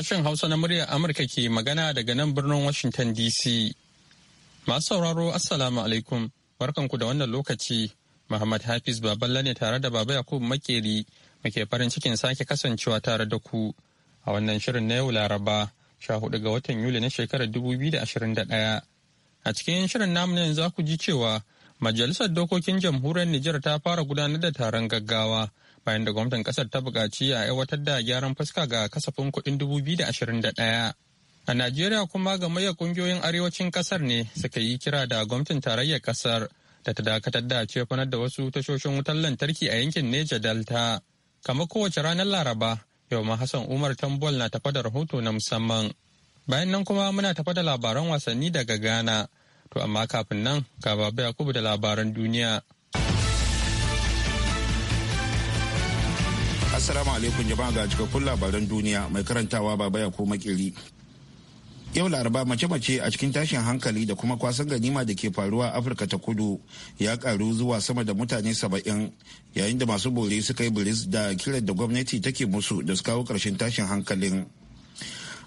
Sashen Hausa na muryar Amurka ke magana daga nan birnin Washington DC. Masu sauraro Assalamu alaikum, barkanku da wannan lokaci. Muhammad Hafiz Baballa ne tare da Baba Yakubu Makeri muke farin cikin sake kasancewa tare da ku a wannan shirin na yau Laraba, sha hudu ga watan Yuli na shekarar dubu biyu da ashirin da ɗaya. A cikin shirin namu ne za ku ji cewa Majalisar Dokokin Jamhuriyar Nijar ta fara gudanar da taron gaggawa bayan da gwamnatin kasar ta bukaci a aiwatar da gyaran fuska ga kasafin kuɗin 2021. A Najeriya kuma gamayyar ƙungiyoyin arewacin kasar ne suka yi kira da gwamnatin tarayyar kasar da ta dakatar da cefanar da wasu tashoshin wutar lantarki a yankin Neja Delta. Kamar kowace ranar Laraba, yau ma Hassan Umar Tambol na tafa da rahoto na musamman. Bayan nan kuma muna tafa da labaran wasanni daga Ghana. To amma kafin nan, ga Baba Yakubu da labaran duniya. Assalamu alaikum jama'a ga cikakkun labaran duniya mai karantawa baba ya ko makiri. Yau laraba mace-mace a cikin tashin hankali da kuma kwasan ganima da ke faruwa Afirka ta kudu ya karu zuwa sama da mutane saba'in yayin da masu bore suka yi biris da kiran da gwamnati take musu da su kawo ƙarshen tashin hankalin.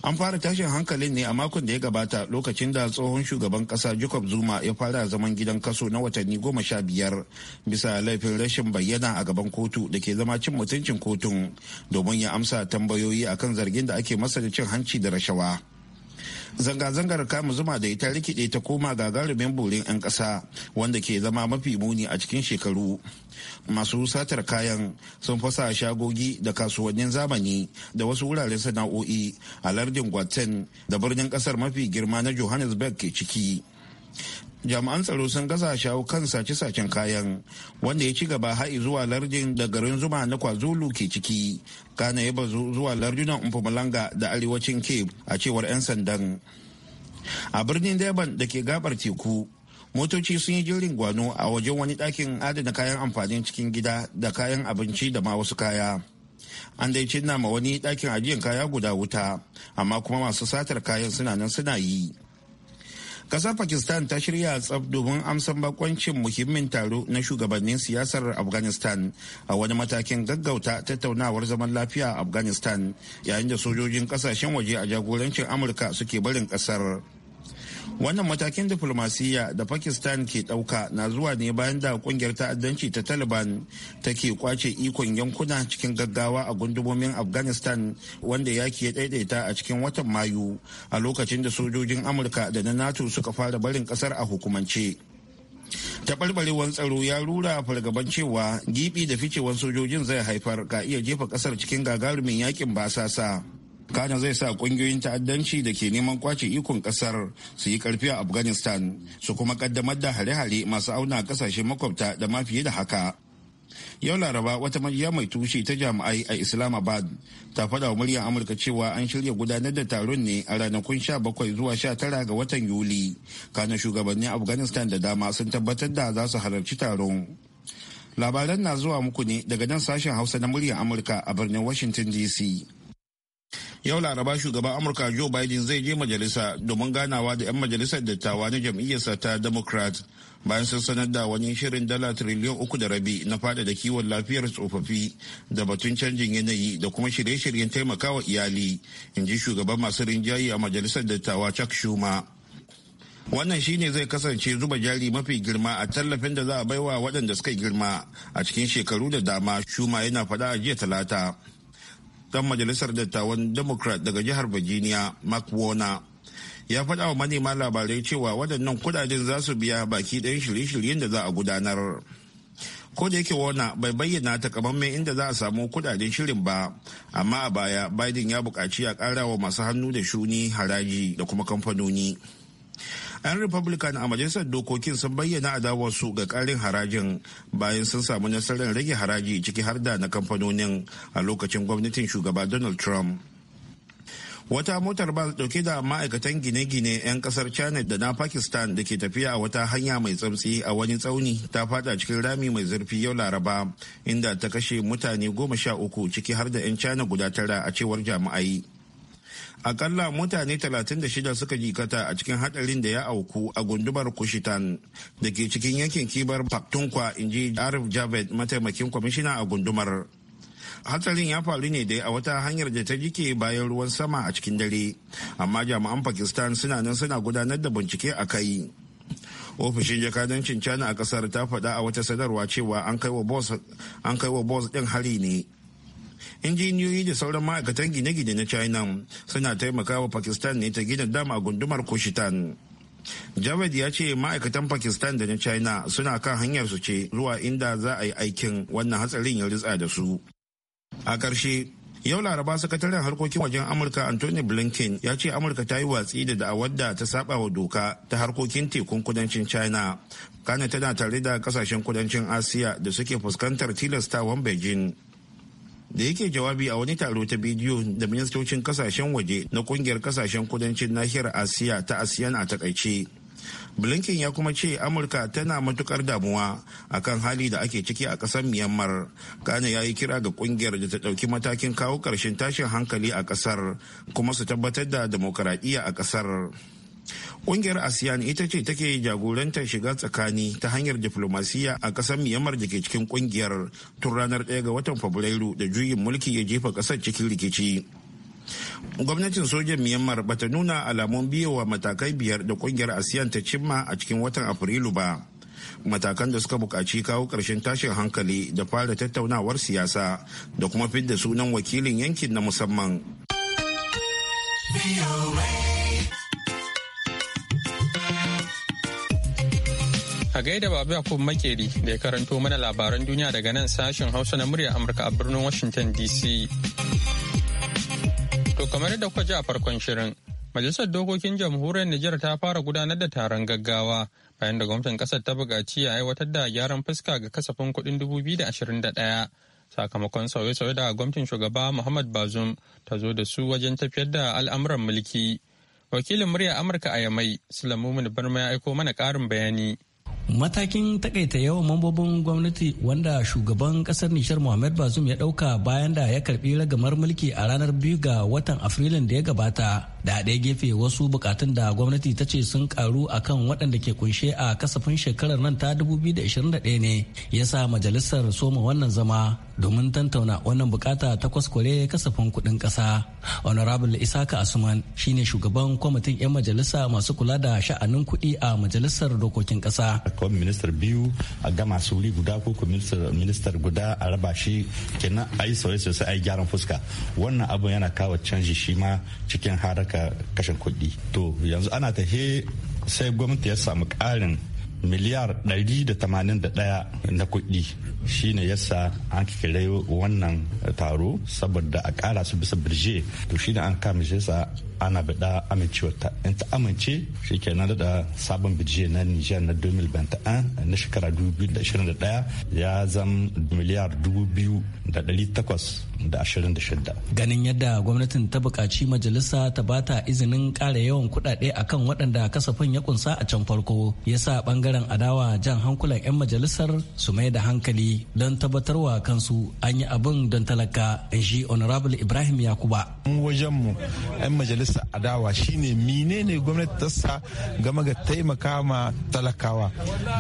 an fara tashin hankalin ne a makon da ya gabata lokacin da tsohon shugaban kasa jacob zuma ya fara zaman gidan kaso na watanni goma sha biyar bisa laifin rashin bayyana a gaban kotu da ke zama cin mutuncin kotun domin ya amsa tambayoyi akan zargin da ake masa da cin hanci da rashawa zanga-zangar kama zuma da ita rikide ta koma gagarumin burin 'yan ƙasa wanda ke zama mafi muni a cikin shekaru masu satar kayan sun fasa shagogi da kasuwannin zamani da wasu wuraren sana'o'i a lardin gwaten da birnin ƙasar mafi girma na johannesburg ke ciki jami'an tsaro sun gaza shawo kan sace-sacen kayan wanda ya ci gaba ha'i zuwa lardin da garin zuma na kwazulu ke ciki kana ya bazu zuwa lardunan umfumulanga da arewacin cape a cewar 'yan sandan a birnin durban da ke gabar teku motoci sun yi jirin gwano a wajen wani dakin adana kayan amfanin cikin gida da kayan abinci da ma wasu kaya an dai cinna ma wani dakin ajiyar kaya guda wuta amma kuma masu satar kayan suna nan suna yi kasar pakistan ta shirya tsab domin amsan bakoncin muhimmin taro na shugabannin siyasar afghanistan a wani matakin gaggauta tattaunawar zaman lafiya a afghanistan yayin da sojojin kasashen waje a jagorancin amurka suke barin kasar wannan matakin diflomasiyya da pakistan ke ɗauka na zuwa ne bayan da kungiyar ta'addanci ta taliban take kwace ikon yankuna cikin gaggawa a gundumomin afghanistan wanda yaki ya daidaita a cikin watan mayu a lokacin da sojojin amurka da na nato suka fara barin kasar a hukumance taɓarɓarewar tsaro ya rura fargaban cewa gibi da ficewar sojojin zai haifar ka iya jefa ƙasar cikin gagarumin yakin basasa kana zai sa kungiyoyin ta'addanci da ke neman kwace ikon kasar su yi karfi a afghanistan su kuma kaddamar da hare-hare masu auna kasashe makwabta da ma fiye da haka yau laraba wata majiya mai tushe ta jami'ai a islamabad ta faɗa wa muryar amurka cewa an shirya gudanar da taron ne a ranakun 17 zuwa 19 ga watan yuli kana shugabannin afghanistan da dama sun tabbatar da za su halarci taron labaran na zuwa muku ne daga nan sashen hausa na muryar amurka a birnin washington dc Yau Laraba shugaban Amurka Joe Biden zai je majalisa domin ganawa da 'yan majalisar dattawa na jam'iyyarsa ta Democrat bayan sun sanar da wani shirin dala triliyan uku da rabi na fada da kiwon lafiyar tsofaffi da batun canjin yanayi da kuma shirye-shiryen taimakawa iyali in ji shugaban masu rinjaye a majalisar dattawa Chuck Schumer. Wannan shine zai kasance zuba jari mafi girma a tallafin da za a baiwa waɗanda suka girma a cikin shekaru da dama Shuma yana faɗa a jiya talata. dan majalisar dattawan democrat daga jihar virginia mark warner ya faɗa wa manema labarai cewa waɗannan kudaden za su biya baki ɗayan shirye-shiryen da za a gudanar ko da yake warner bai bayyana takamaiman inda za a samu kudaden shirin ba amma a baya biden ya buƙaci a ƙara wa masu hannu da shuni haraji da kuma kamfanoni. 'yan republican a majalisar dokokin sun bayyana adawarsu ga karin harajin bayan sun samu nasarar rage haraji ciki har da na kamfanonin a lokacin gwamnatin shugaba donald trump wata motar bas dauke da ma'aikatan gine-gine 'yan kasar china da na pakistan da ke tafiya a wata hanya mai tsamtsi a wani tsauni ta fada cikin rami mai zurfi yau laraba inda ta kashe mutane goma sha uku ciki har da 'yan china guda tara a cewar jama'ai. akalla mutane 36 suka jikata a cikin hadarin da ya auku a gundumar kushitan da ke cikin yankin kibar in ji arif javed mataimakin kwamishina a gundumar hatsarin ya faru ne dai a wata hanyar da ta jike bayan ruwan sama a cikin dare amma jami'an pakistan suna nan suna gudanar da bincike a kai ofishin jakadancin china a kasar ta faɗa a wata sadarwa cewa an kai wa bos ɗin hari ne injiniyoyi da sauran ma'aikatan gine-gine na china suna taimakawa pakistan ne ta gina dam a gundumar kushitan Javed ya ce ma'aikatan Pakistan da na China suna kan hanyar su ce zuwa inda za a yi aikin wannan hatsarin ya ritsa da su. A ƙarshe, yau laraba sakataren harkokin wajen Amurka Anthony Blinken ya ce Amurka ta yi watsi da da'awar da ta saba wa doka ta harkokin tekun kudancin China. Kana tana tare da kasashen kudancin Asiya da suke fuskantar tilastawan Beijing. da yake jawabi a wani taro ta bidiyo da ministocin kasashen waje na kungiyar kasashen kudancin nahiyar asiya ta asiyan a takaice blinken ya kuma ce amurka tana matukar damuwa akan hali da ake ciki a kasar myanmar kana ya yi kira ga kungiyar da ta dauki matakin kawo karshen tashin hankali a kasar kuma su tabbatar da demokaradiyya a kasar Ƙungiyar ASEAN ita ce take jagorantar shiga tsakani ta hanyar diflomasiyya a ƙasar Myanmar da ke cikin ƙungiyar tun ranar ɗaya ga watan Fabrairu da juyin mulki ya jefa ƙasar cikin rikici. Gwamnatin sojan Myanmar bata nuna alamun biyowa matakai biyar da ƙungiyar ASEAN ta cimma a cikin watan Afrilu ba. matakan da suka buƙaci kawo ƙarshen tashin hankali da fara tattaunawar siyasa da kuma fidda sunan wakilin yankin na musamman. A gaida Babu Yakub Makeri da ya karanto mana labaran duniya daga nan sashen Hausa na murya Amurka a birnin Washington DC. To kamar yadda kuka ji a farkon shirin, Majalisar Dokokin Jamhuriyar Nijar ta fara gudanar da taron gaggawa bayan da gwamnatin kasar ta buƙaci a aiwatar da gyaran fuska ga kasafin kuɗin 2021 sakamakon sauye-sauye da gwamnatin shugaba Muhammad bazum ta zo da su wajen tafiyar da al'amuran mulki. Wakilin murya Amurka a Yamai, Sulamumin Barma ya aiko mana karin bayani. Matakin takaita yawan mambobin gwamnati wanda shugaban kasar Nishar Muhammad Bazum ya dauka bayan da ya karbi ragamar mulki a ranar biyu ga watan Afrilun da ya gabata. Da ɗaya gefe wasu bukatun da gwamnati ta ce sun karu kan waɗanda ke kunshe a kasafin shekarar nan ta 2021 ne ya sa majalisar soma wannan zama domin tantauna wannan bukata ta kwaskware kasafin kudin kasa Honorable Isaka Asuman shine shugaban kwamitin 'yan majalisa masu kula da sha'anin kudi a majalisar dokokin kasa Kwan ministar biyu a gama su wuri guda ko ministar guda a raba shi kenan a yi sauye sosai a yi gyaran fuska. Wannan abu yana kawo canji shi ma cikin haraka kashin kudi. To yanzu ana tahe sai gwamnati ya samu ƙarin miliyar 181 na kuɗi shine yasa an kira wannan taro saboda a ƙara su bisa birje to shine an kama shi sa ana bada amincewa ta in ta amince shi nan da sabon birje na Nijar na 2021 na shekara 2021 ya zama miliyar 2,800 ganin yadda gwamnatin ta bukaci majalisa ta bata izinin ƙara yawan kuɗaɗe akan waɗanda kasafin ya kunsa a can farko ya sa ɓangaren adawa jan hankulan 'yan majalisar su mai da hankali don tabbatarwa kansu an yi abin don talaka in shi honorable ibrahim yakuba mu wajen mu 'yan majalisa adawa shine menene gwamnati ta sa game ga taimaka ma talakawa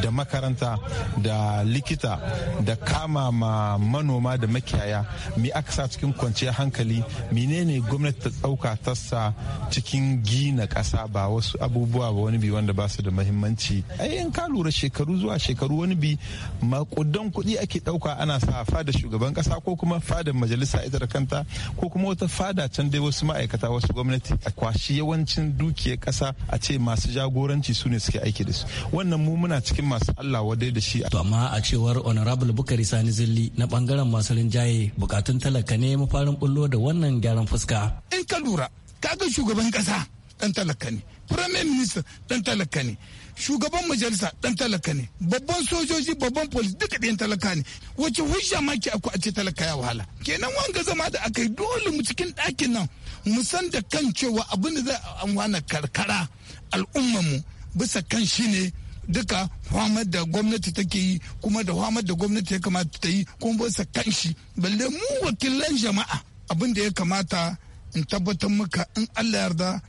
da makaranta da likita da kama ma manoma da makiyaya me aka sa cikin kwanciyar hankali menene gwamnati ta ɗauka sa cikin gina ƙasa ba wasu abubuwa ba wani bi wanda ba su da mahimmanci ai in ka lura shekaru zuwa shekaru wani bi makudan kuɗi ake ɗauka ana sa fada shugaban ƙasa ko kuma fadar majalisa ita da kanta ko kuma wata fada can dai wasu ma'aikata wasu gwamnati a kwashi yawancin dukiyar ƙasa a ce masu jagoranci su ne suke aiki da su wannan mu muna cikin masu Allah wadai da shi. To amma a cewar Honorable Bukari Sani Zilli na bangaren masu rinjaye bukatun talaka ka ne mafarin bullo da wannan gyaran fuska in ka lura kaga shugaban kasa dan talaka ne firamin minista dan talaka ne shugaban majalisa dan talaka ne babban sojoji babban polis duka ɗayan talaka ne wace hujja ma ke aku a ce talaka ya wahala kenan wanga zama da aka yi dole mu cikin ɗakin nan mu san da kan cewa abin da za a wani karkara al'ummanmu bisa kan shi ne duka hamar da gwamnati take yi kuma da hamar da gwamnati ya kamata ta yi kuma kan shi balle mu wakilan jama'a abin da ya kamata in tabbatar muka in allah yarda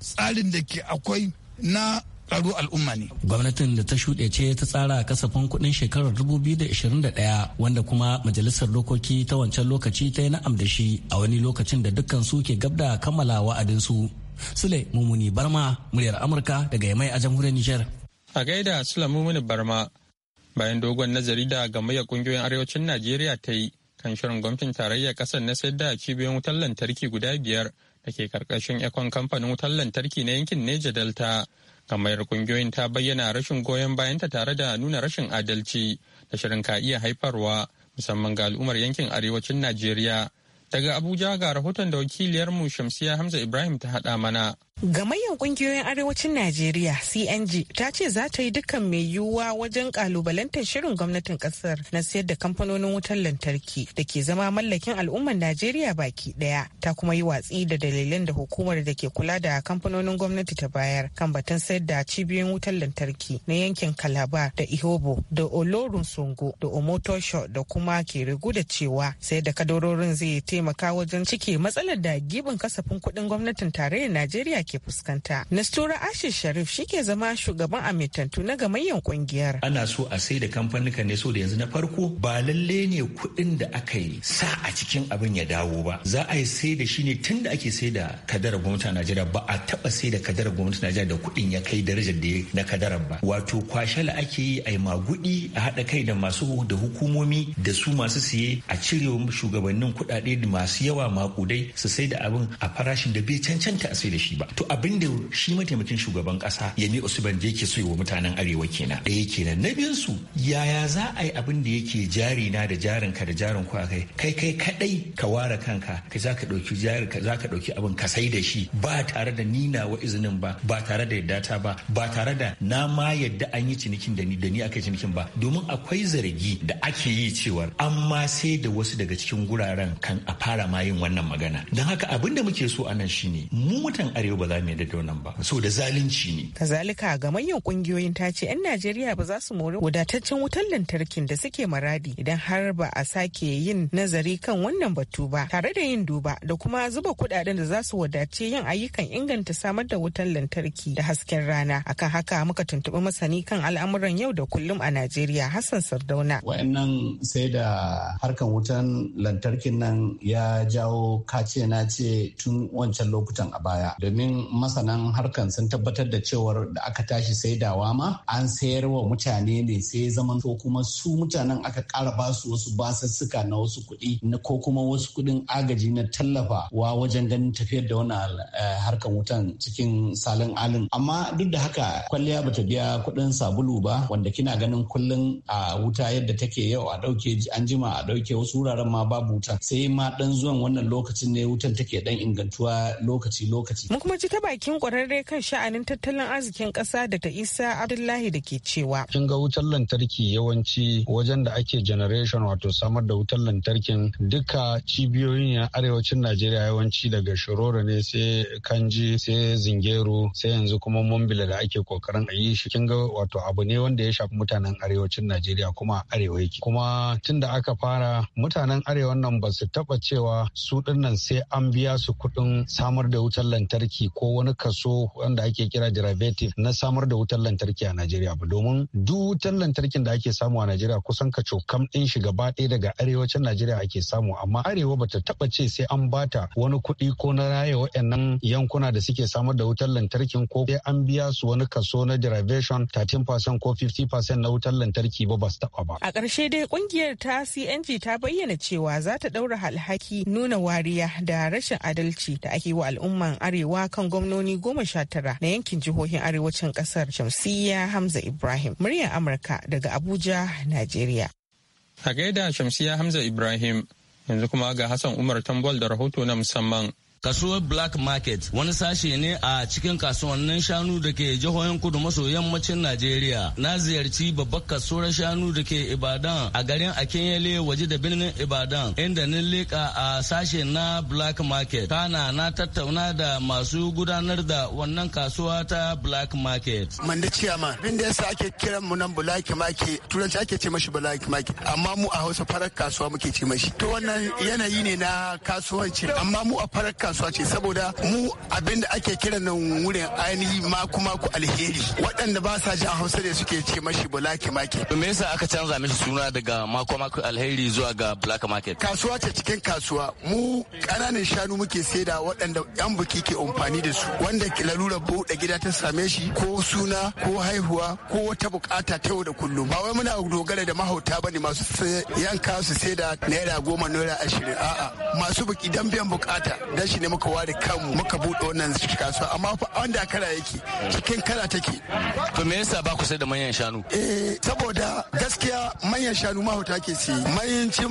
tsarin da ke akwai na tsaro al'umma ne. Gwamnatin da ta shuɗe ce ta tsara kasafin kuɗin shekarar 2021 wanda kuma majalisar dokoki ta wancan lokaci ta yi na'am da shi a wani lokacin da dukkan su ke gabda kammala wa'adinsu. Sule Mumuni Barma, muryar Amurka daga Yamai a jamhuriyar Nijar. A gaida Sulamu Mini Barma, bayan dogon nazari da gamayyar kungiyoyin arewacin Najeriya ta yi kan shirin gwamnatin tarayyar ƙasar na sayar da cibiyoyin wutar lantarki guda biyar da ke karkashin ekon kamfanin wutar lantarki na yankin Neja Delta. Gamayyar kungiyoyin ta bayyana rashin goyon bayanta tare da nuna rashin adalci da shirin ka iya haifarwa musamman ga al'ummar yankin arewacin Najeriya. Daga Abuja ga rahoton da wakiliyarmu Shamsiya Hamza Ibrahim ta haɗa mana. Gamayyar kungiyoyin arewacin Najeriya CNG ta ce za ta yi dukkan mai yiwuwa wajen kalubalantar shirin gwamnatin kasar na sayar da kamfanonin wutar lantarki da ke zama mallakin al'ummar Najeriya baki daya. Ta kuma yi watsi da dalilan da hukumar da ke kula da kamfanonin gwamnati ta bayar kan batun sayar da cibiyoyin wutar lantarki na yankin Calabar da Ihobo da Olorun Songo da Omotosho da kuma Kerigu da cewa sayar da kadarorin zai taimaka wajen cike matsalar da gibin kasafin kuɗin gwamnatin tarayyar Najeriya ke fuskanta. Nastura Ashir Sharif shi ke zama shugaban amintattu na gamayyan kungiyar. Ana so a sai da kamfanin ne so da yanzu na farko ba lalle ne kuɗin da aka yi sa a cikin abin ya dawo ba. Za a yi sai da shi ne tun da ake sai da kadarar gwamnati a Najeriya ba a taɓa sai da kadarar gwamnati a Najeriya da kuɗin ya kai darajar da na kadarar ba. Wato kwashala ake yi a yi magudi a haɗa kai da masu da hukumomi da su masu siye a cire shugabannin kuɗaɗe masu yawa makudai su sai da abin a farashin da bai cancanta a sai da shi ba. to abin da shi mataimakin shugaban kasa yami usman je yake so wa mutanen arewa kenan da kenan na biyun su yaya za a yi abin da yake jari na da jarin ka da jarin ku kai kai kai kadai ka ware kanka ka za ka ɗauki jari ka za ka ɗauki abin ka sai da shi ba tare da nina wa izinin ba ba tare da yadda ta ba ba tare da na ma yadda an yi cinikin da ni da ni aka yi cinikin ba domin akwai zargi da ake yi cewa an ma sai da wasu daga cikin guraren kan a fara ma yin wannan magana don haka abin da muke so anan shine mu mutan arewa ba za mu yi da wannan ba so da zalunci ne kazalika ga manyan kungiyoyin ta ce 'yan najeriya ba za su mori wadataccen wutar lantarkin da suke maradi idan har ba a sake yin nazari kan wannan batu ba tare da yin duba da kuma zuba kudaden da za su wadace yin ayyukan inganta samar da wutar lantarki da hasken rana akan haka muka tuntuɓi masani kan al'amuran yau da kullum a najeriya hassan sardauna wa'annan sai da harkan wutan lantarkin nan ya jawo kace na ce tun wancan lokutan a baya domin masanan harkar sun tabbatar da cewar da aka tashi sai dawa ma an sayar wa mutane ne sai zaman to kuma su mutanen aka kara ba su wasu basussuka na wasu kuɗi na ko kuma wasu kuɗin agaji na tallafa wa wajen ganin tafiyar da wannan eh, harkan wutan cikin salin alin amma duk da haka kwalliya bata biya kuɗin sabulu ba wanda kina ganin kullum a wuta yadda take yau a ɗauke an jima a ɗauke wasu wuraren ma babu wuta sai ma ɗan zuwan wannan lokacin ne wutan take ɗan ingantuwa lokaci lokaci. ji ta bakin kwararre kan sha'anin tattalin arzikin ƙasa da ta isa abdullahi da ke cewa kin ga wutar lantarki yawanci wajen da ake generation wato samar da wutar lantarkin duka cibiyoyin arewacin najeriya yawanci daga shororo ne sai kanji sai zingero sai yanzu kuma mumbila da ake kokarin a yi shi kin ga wato abu ne wanda ya shafi mutanen arewacin najeriya kuma arewa yake kuma tun da aka fara mutanen arewa nan ba su taba cewa su dinnan sai an biya su kuɗin samar da wutar lantarki ko wani kaso wanda ake kira derivative na samar da wutar lantarki a Najeriya ba domin duk wutar lantarkin da ake samu a Najeriya kusan kaco kam din shi gaba ɗaya daga arewacin Najeriya ake samu amma arewa bata taba ce sai an bata wani kuɗi ko na raye waɗannan yankuna da suke samar da wutar lantarkin ko sai an biya su wani kaso na derivation 13% ko 50% na wutar lantarki ba ba su taba ba. A ƙarshe dai ƙungiyar ta CNG ta bayyana cewa za ta ɗaura alhaki nuna wariya da rashin adalci da ake wa al'umman arewa dukkan gwamnoni goma sha tara na yankin jihohin arewacin kasar shamsiyya hamza ibrahim muryar amurka daga abuja najeriya a gaida shamsiyya hamza ibrahim yanzu kuma ga hassan umar tambol da rahoto na musamman Kasuwar Black Market wani sashe ne a cikin kasuwannin shanu da ke jihohin kudu maso yammacin Najeriya. Na ziyarci babbar kasuwar shanu da ke Ibadan a garin Akinyele waje da birnin Ibadan inda ni leƙa a sashe na Black Market. Kana na tattauna da masu gudanar da wannan kasuwa ta Black Market. Manda ciyama, bin da yasa ake kiran mu nan Black Market, turanci ake ce mashi Black Market, amma mu a Hausa farar kasuwa muke ce mashi. To wannan yanayi ne na kasuwanci, amma mu a farar kasuwa kasuwa ce saboda mu abin da ake kiran nan wurin ainihi maku maku alheri waɗanda ba sa jan hausa ne suke ce mashi black market. me yasa aka canza mishi suna daga mako mako alheri zuwa ga black market? Kasuwa ce cikin kasuwa mu ƙananan shanu muke saida waɗanda yan buki ke amfani da su wanda lalura buɗe gida ta same shi ko suna ko haihuwa ko wata bukata ta yau da kullum ba wai muna dogara da mahauta bane masu yanka su saida naira goma naira ashirin a'a masu buki dan biyan bukata dan shi ne muka ware kanmu muka buɗe wannan kasuwa amma fa wanda kara yake cikin kara take to me yasa ba ku sai da manyan shanu eh saboda gaskiya manyan shanu mahauta ke siye mayancin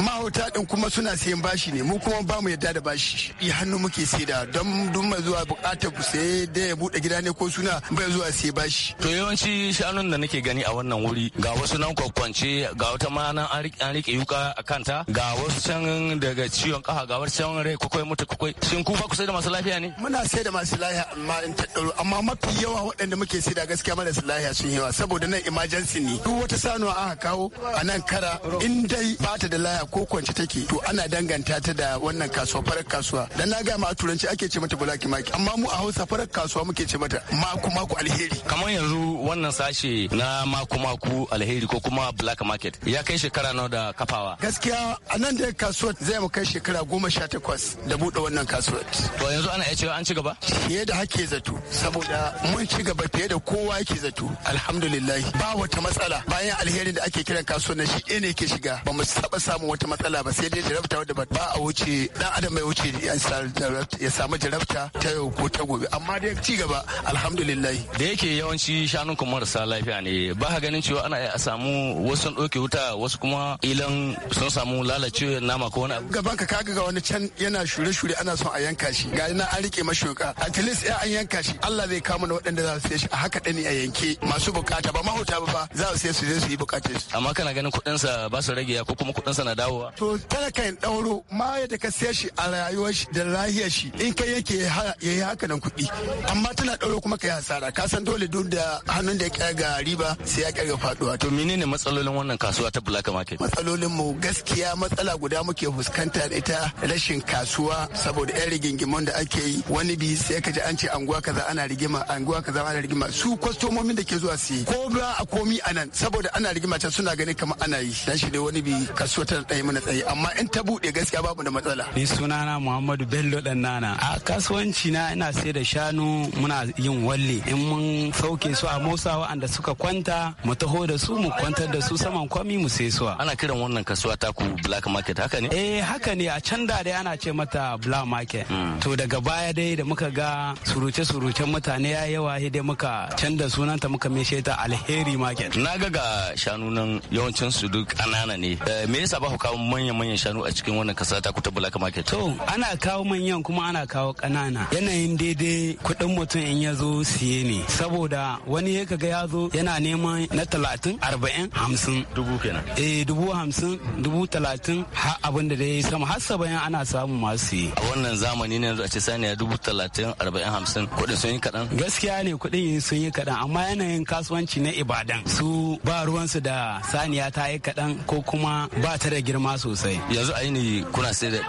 mahauta din kuma suna sayan bashi ne mu kuma ba mu yadda da bashi i hannu muke sai da don duk mai zuwa bukatar ku sai da ya buɗe gida ne ko suna bai zuwa sai bashi to yawanci shanun da nake gani a wannan wuri ga wasu nan kwakwance ga wata ma nan an rike yuka a kanta ga wasu can daga ciwon kafa ga wasu can rai kwakwai mutu akwai shin ku ba ku sai da masu lafiya ne muna sai da masu lafiya amma in ta daro amma mafi yawa waɗanda muke sai da gaskiya marasa lafiya sun yawa saboda nan emergency ne duk wata sanuwa aka kawo a nan kara in dai ba ta da lafiya ko kwance take to ana danganta ta da wannan kasuwa farar kasuwa dan na ga ma a turanci ake ce mata black market amma mu a Hausa farar kasuwa muke ce mata maku maku alheri kamar yanzu wannan sashe na maku maku alheri ko kuma black market ya kai shekara nawa da kafawa gaskiya a nan da kasuwa zai mu kai shekara goma sha takwas da buɗe wannan kasuwar. To yanzu ana iya cewa an ci gaba? Fiye da hake zato saboda mun ci gaba fiye da kowa yake zato alhamdulillah ba wata matsala bayan alherin da ake kiran na shi ɗaya ne ke shiga ba mu saba samun wata matsala ba sai dai jarabta wadda ba a wuce dan adam mai wuce ya samu jarabta ta yau ko ta gobe amma dai ci gaba alhamdulillah. Da yake yawanci shanun kuma marasa lafiya ne ba ka ganin cewa ana iya samu wasu sun ɗauke wuta wasu kuma ilan sun samu lalacewar nama ko wani abu. Gaban ka kaga ga wani can yana shure-shure ana son a yanka shi ga na an rike mashuka at least ya an yanka shi Allah zai kama na waɗanda za su sai shi a haka dani a yanke masu bukata ba mahauta ba ba za su sai su je su yi bukata su amma kana ganin kuɗin sa ba su rage ya ko kuma kuɗin sa na dawowa to talakan in dauro ma da ka sai shi a rayuwar shi da lahiyar shi in ka yake ya yi haka nan kuɗi amma tana dauro kuma kai hasara ka san dole duk da hannun da ya ga riba sai ya kirga faduwa to menene matsalolin wannan kasuwa ta black market matsalolin mu gaskiya matsala guda muke fuskanta ita rashin kasuwa saboda yan rigingimon da ake yi wani bi sai ka ji an ce anguwa kaza ana rigima anguwa kaza ana rigima su kwastomomin da ke zuwa su yi ko ba a komi a nan saboda ana rigima can suna ganin kamar ana yi dan shi dai wani bi kasuwa tana tsaye mana tsaye amma in ta buɗe gaskiya babu da matsala. ni sunana muhammadu bello dan nana a kasuwanci na ina sai da shanu muna yin walle in mun sauke su a motsa wa'anda suka kwanta mu taho da su mu kwantar da su saman kwami mu sai suwa. ana kiran wannan kasuwa taku black market haka ne. eh haka ne a can da dai ana ce mata islam market to daga baya dai da muka ga surute surucen mutane ya yawa dai muka canza sunanta muka mishe ta alheri market na ga ga shanu nan yawancin su duk ƙanana ne eh, me yasa ba ku kawo manyan manyan shanu a cikin wannan kasa ta kuta black market to ana kawo manyan kuma ana kawo ƙanana yanayin daidai kuɗin mutum in ya zo siye ne saboda wani ya kaga ya zo yana neman na talatin arba'in hamsin dubu kenan eh dubu hamsin dubu talatin har abin da dai sama har saba'in ana samu masu siye. a wannan zamani ne yanzu a ce saniya dubu talatin arba'in hamsin kuɗin sun yi kaɗan. gaskiya ne kuɗin sun yi kaɗan amma yanayin kasuwanci na ibadan su ba ruwansu da saniya ta yi kaɗan ko kuma ba ta da girma sosai. yanzu a ni kuna sai da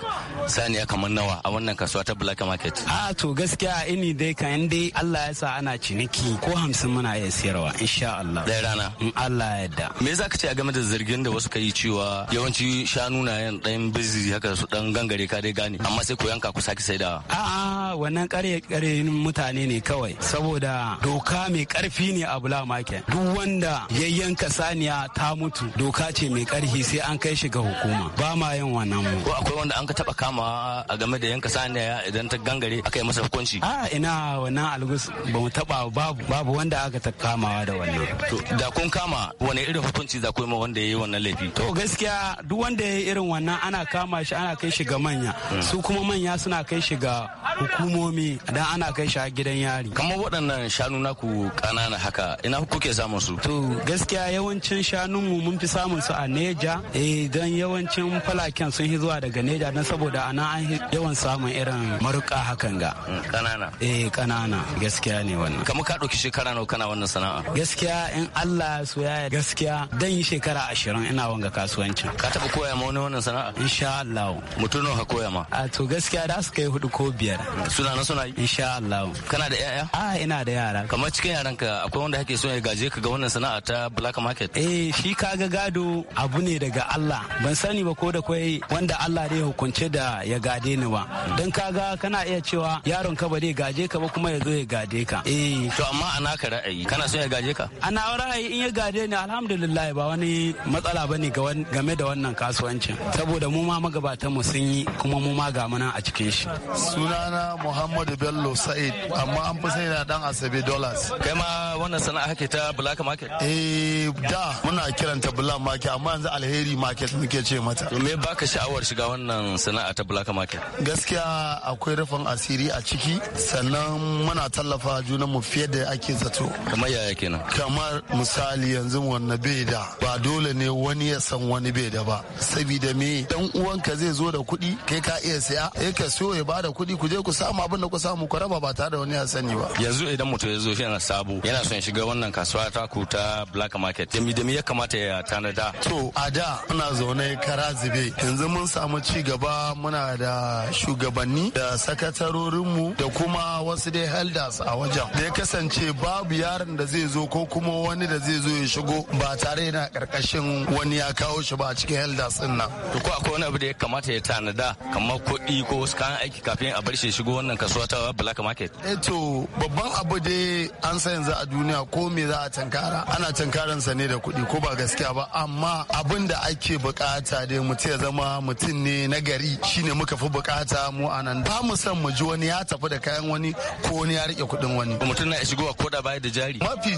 saniya kamar nawa a wannan kasuwa ta black market. a to gaskiya ini dai kan dai Allah ya sa ana ciniki ko hamsin muna iya siyarwa insha Allah. Ɗaya rana. In Allah ya yarda. Me za ka ce a game da zargin da wasu ka yi cewa yawanci shanu na yan ɗayan bizi haka su ɗan gangare ka dai gane amma sai Ko yanka ku sake saidawa a'a wannan kare kare mutane ne kawai saboda doka mai karfi ne a bula market duk wanda ya yanka saniya ta mutu doka ce mai karfi sai an kai shi ga hukuma ba ma yin wannan mu ko akwai wanda an ka taba kama a game da yanka saniya idan ta gangare aka yi masa hukunci a ina wannan algus ba mu taba babu babu wanda aka ta kamawa da wannan to da kun kama wani irin hukunci za ku yi ma wanda ya yi wannan laifi to gaskiya duk wanda ya yi irin wannan ana kama shi ana kai shi ga manya hmm. su kuma manya suna kai shi ga hukumomi dan ana kai shi a gidan yari kamar waɗannan shanu na ku ƙanana haka ina kuke samun su to gaskiya yawancin shanun mu mun fi samun su a neja eh dan yawancin falaken sun zuwa daga neja dan saboda ana an yawan samun irin maruka hakan ga mm, ƙanana eh ƙanana gaskiya ne wannan kamar ka ɗauki shekara nawa kana wannan sana'a gaskiya in Allah so ya gaskiya dan yi shekara ashirin ina wanga kasuwancin ka taɓa koya ma wani wannan sana'a insha Allah mutum nawa ka koya ma a to gaskiya da suka yi hudu ko biyar suna na suna insha Allah kana da yaya a ina da yara kamar cikin yaran ka akwai wanda kake so ya gaje ka ga wannan sana'a ta black market eh shi kaga gado abu ne daga Allah ban sani ba ko da kwai wanda Allah zai hukunce da ya gade ni ba dan kaga kana iya cewa yaron ka ba zai gaje ka ba kuma ya zo ya gade ka eh to amma a ka ra'ayi kana so ya gaje ka na ra'ayi in ya gade ni alhamdulillah ba wani matsala bane game da wannan kasuwancin saboda mu ma magabatan mu sun yi kuma mu ma ga muna a cikin shi sunana muhammadu bello sa'id amma an fi sai na dan asabe dollars kai ma wannan sana'a kake ta black market eh da muna kiranta black market amma yanzu alheri market muke ce mata me baka sha'awar shiga wannan sana'a ta black market gaskiya akwai rufin asiri a ciki sannan muna tallafa junan mu fiye da ake zato kamar yaya kenan kamar misali yanzu wannan bai da ba dole ne wani ya san wani bai da ba sabida me dan uwanka zai zo da kuɗi kai ka iya saya yake so ya bada kuɗi ku je ku samu abin da ku samu ku raba ba tare da wani ya sani ba yanzu idan mutum ya zo yana sabu yana son shiga wannan kasuwa ta ku ta black market dami dami ya kamata ya tanada to a da muna zaune kara zube yanzu mun samu ci gaba muna da shugabanni da sakatarorinmu da kuma wasu dai helders a wajen da ya kasance babu yaron da zai zo ko kuma wani da zai zo ya shigo ba tare yana karkashin wani ya kawo shi ba cikin helders din nan to ko akwai wani abu da ya kamata ya tanada kamar kuɗi ko wasu kayan aiki kafin a bar shi shigo wannan kasuwa ta black market eh to babban abu dai an san yanzu a duniya ko me za a tankara ana tankaran sa ne da kuɗi ko ba gaskiya ba amma abin da ake bukata dai mutum ya zama mutum ne na gari shine muka fi bukata mu anan ba mu san mu ji wani ya tafi da kayan wani ko wani ya rike kuɗin wani mutum na shigo ko da baya da jari mafi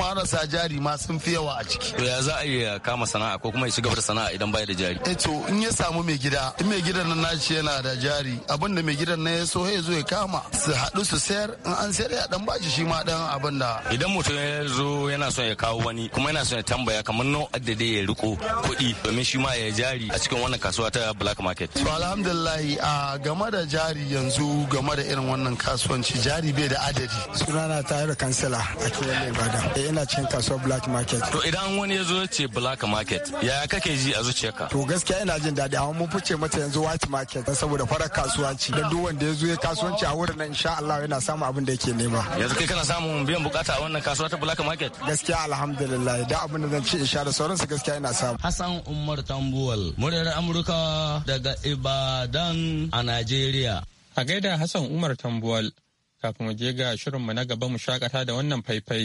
marasa jari ma sun fi yawa a ciki to ya za a iya kama sana'a ko kuma ya shiga wata sana'a idan baya da jari eh to in ya samu mai gida in mai gidan nan naci yana da jari abin da mai gidan na ya so ya zo ya kama su haɗu su sayar in an sayar ya dan baci shi ma dan abin da idan mutum ya zo yana son ya kawo wani kuma yana son ya tambaya kamar nau dai ya riko kuɗi domin shi ma ya jari a cikin wannan kasuwa ta black market to alhamdulillah a game da jari yanzu game da irin wannan kasuwanci jari bai da adadi sunana tare da kansila a kiwon ibadan yana eh, cin kasuwa black market to idan wani ya zo ya ce black market ya kake ji a zuciyarka to gaskiya ina jin daɗi amma mun fice mata yanzu white market saboda fara kasuwanci da duk wanda ya zo ya kasuwanci a wurin nan insha Allah yana samun abin da yake nema yanzu kai kana samun biyan bukata a wannan kasuwa ta black market gaskiya alhamdulillah da abin da zan ci insha da sauransu gaskiya yana samu Hassan Umar Tambuwal muryar Amurka daga Ibadan a Najeriya a gaida Hassan Umar Tambuwal kafin mu je ga mu na gaba mu shakata da wannan faifai.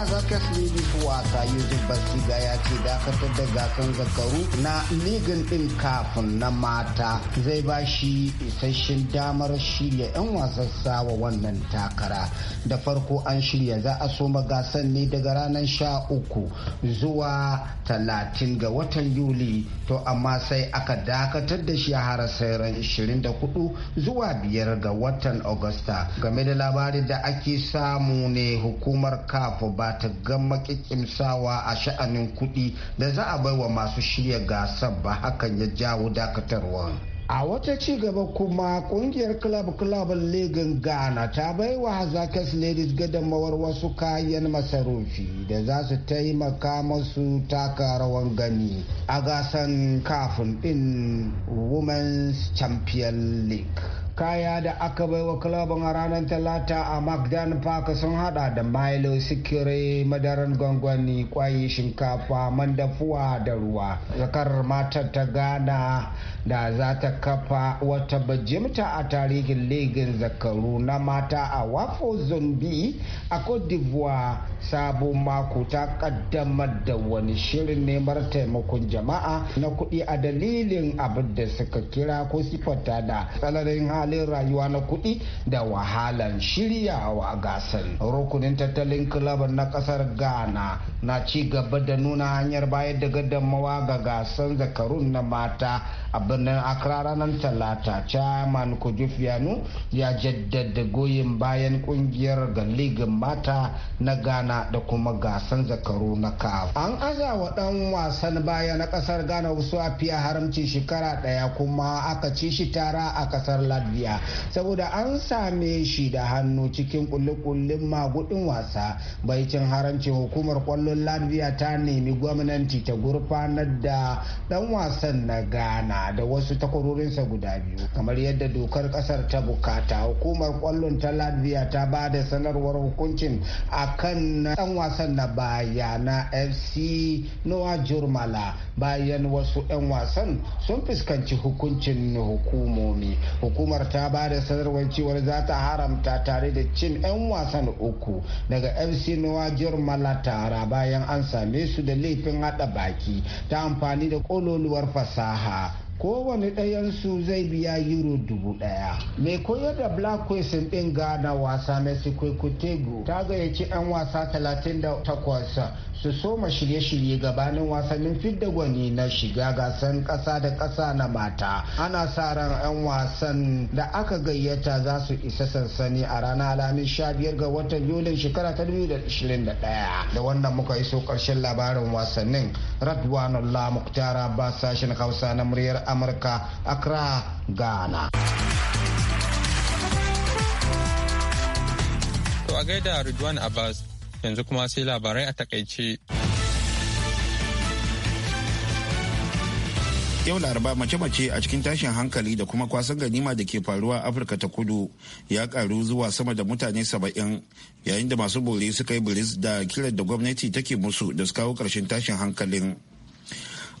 da Zakes wasa Yusuf Basiga ya ce dakatar da gasan zakaru na ligan din kafin na mata zai ba shi isasshen damar shirya 'yan wasan sawa wannan takara. Da farko an shirya za a soma gasan ne daga ranar sha uku zuwa talatin ga watan Yuli to amma sai aka dakatar da shi har sai ran 24 zuwa biyar ga watan Agusta. Game da labarin da ake samu ne hukumar kafa ba ta ta gama kikimsawa a sha'anin kuɗi da za a baiwa masu shirya gasar ba hakan ya jawo dakatarwa. a wata ci gaba kuma kungiyar club club legan ghana ta bai wa hazakas ladies gadamawar wasu kayan masarufi da za su taimaka masu taka rawan gani a gasan kafin din women's champion league kaya da aka bai wa kulabin ranar talata a magdan park sun hada da milo sikiri madaran gwangwani kwayi shinkafa mandafuwa da ruwa zakar matar ta gana da za ta kafa wata bajimta a tarihin ligin zakaru na mata a wafo zombi a cote d'ivoire sabon mako ta kaddamar da wani shirin neman taimakon jama'a na kuɗi a dalilin abin da suka kira ko sifata da tsananin hali halin rayuwa na kuɗi da wahalan shiryawa gasar rukunin tattalin kilabar na ƙasar ghana na ci gaba da nuna hanyar bayar da gaddamawa ga gasar zakarun na mata a birnin Accra ranar Talata Chairman jufiyanu ya jaddada goyin bayan kungiyar ga ligin mata na Ghana da kuma gasan zakaru na CAF. An aza wa dan wasan baya na kasar Ghana wasu fiye haramci shekara daya kuma aka ci shi tara a kasar Latvia saboda an same shi da hannu cikin kulle-kullen magudin wasa bai cin haramcin hukumar kwallon Latvia ta nemi gwamnati ta gurfanar da dan wasan na Ghana. da wasu takwarorinsa guda biyu kamar yadda dokar kasar ta bukata hukumar kwallon ta latvia ta ba da sanarwar hukuncin a kan dan wasan na baya na fc noah jurmala bayan wasu 'yan wasan sun fuskanci hukuncin hukumomi hukumar ta ba da sanarwar cewar za ta haramta tare da cin 'yan wasan uku daga fc noah jurmala tara bayan an same su da laifin haɗa baki ta amfani da kololuwar fasaha kowane ɗayansu zai biya euro dubu ɗaya mai koyar da black queens ɗin ghana wasa messi Kutegu ta gayyaci 'yan wasa 38 su soma shirye-shirye gabanin wasannin fidda gwani na shiga gasan ƙasa da ƙasa na mata ana sa ran 'yan wasan da aka gayyata za su isa sansani a ranar alamin sha biyar ga watan yulin shekara ta 2021 da wannan muka iso ƙarshen labarin wasannin radwanullah muktara ba sashen hausa na muryar amurka accra ghana to a gaida Ridwan Abbas yanzu kuma sai labarai a takaice. yau laraba mace-mace a cikin tashin hankali da kuma kwasan ganima da ke faruwa a afirka ta kudu ya karu zuwa sama da mutane saba'in yayin da masu bore suka yi biris da kiran da gwamnati take musu da su kawo karshen tashin hankalin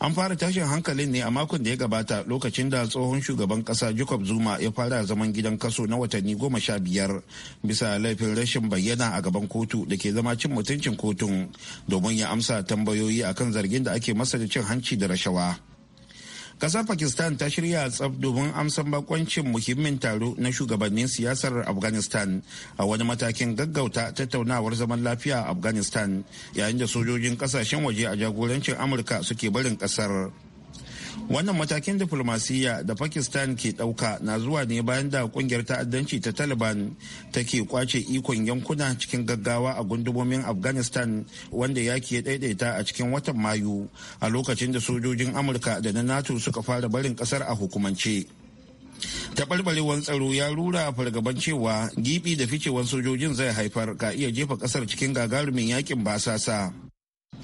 an fara tashin hankalin ne a makon da ya gabata lokacin da tsohon shugaban kasa jacob zuma ya fara zaman gidan kaso na watanni goma sha biyar bisa laifin rashin bayyana a gaban kotu da ke zama cin mutuncin kotun domin ya amsa tambayoyi akan zargin da ake masa da cin hanci da rashawa Ƙasar Pakistan ta shirya tsaf domin amsan bakoncin muhimmin taro na shugabannin siyasar Afghanistan a wani matakin gaggauta tattaunawar zaman lafiya a Afghanistan yayin da sojojin ƙasashen waje a jagorancin Amurka suke barin ƙasar. wannan matakin diflomasiyya da pakistan ke ɗauka na zuwa ne bayan da kungiyar ta'addanci ta taliban ta ke kwace ikon yankuna cikin gaggawa a gundumomin afghanistan wanda yaki ya daidaita a cikin watan mayu a lokacin da sojojin amurka da na nato suka fara barin kasar a hukumance taɓarɓarewar tsaro ya rura fargaban cewa gibi da ficewar sojojin zai haifar ka iya jefa ƙasar cikin gagarumin yakin basasa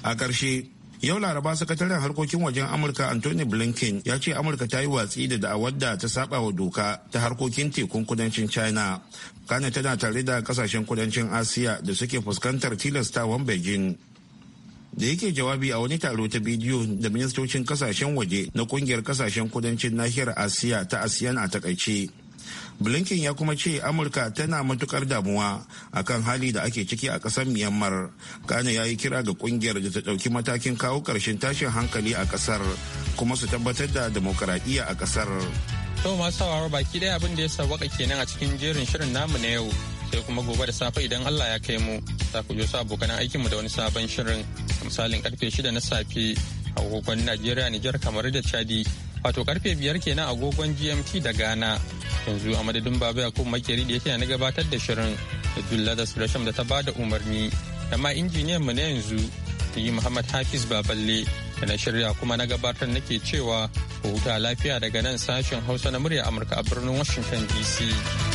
a ƙarshe Yau Laraba sakataren harkokin wajen Amurka Anthony Blinken ya ce Amurka ta yi watsi da da'awar da ta saba wa doka ta harkokin tekun kudancin China. Kana tana tare da kasashen kudancin Asiya da suke fuskantar tilastawan Beijing. Da yake jawabi a wani taro ta bidiyo da ministocin kasashen waje na kungiyar kasashen kudancin nahiyar Asiya ta ASEAN a takaice. blinken ya kuma ce amurka tana matukar damuwa akan hali da ake ciki a kasar myanmar kano ya yi kira ga kungiyar da ta dauki matakin kawo karshen tashin hankali a kasar kuma su tabbatar da demokaradiyya a kasar. to masu sauraro baki daya abin da ya sabaka kenan a cikin jerin shirin namu na yau sai kuma gobe da safe idan Allah ya kai mu za ku sa abokan aikin mu da wani sabon shirin misalin karfe shida na safe a agogon Najeriya Nijar kamar da Chadi wato karfe biyar kenan agogon GMT da Ghana yanzu a madadin babu ya kuma makeri da yake na gabatar da shirin da dulla da sirasham da ta ba da umarni da ma injiniyan mu na yanzu yi muhammad hafiz baballe da na shirya kuma na gabatar nake cewa ku huta lafiya daga nan sashen hausa na murya amurka a birnin washington dc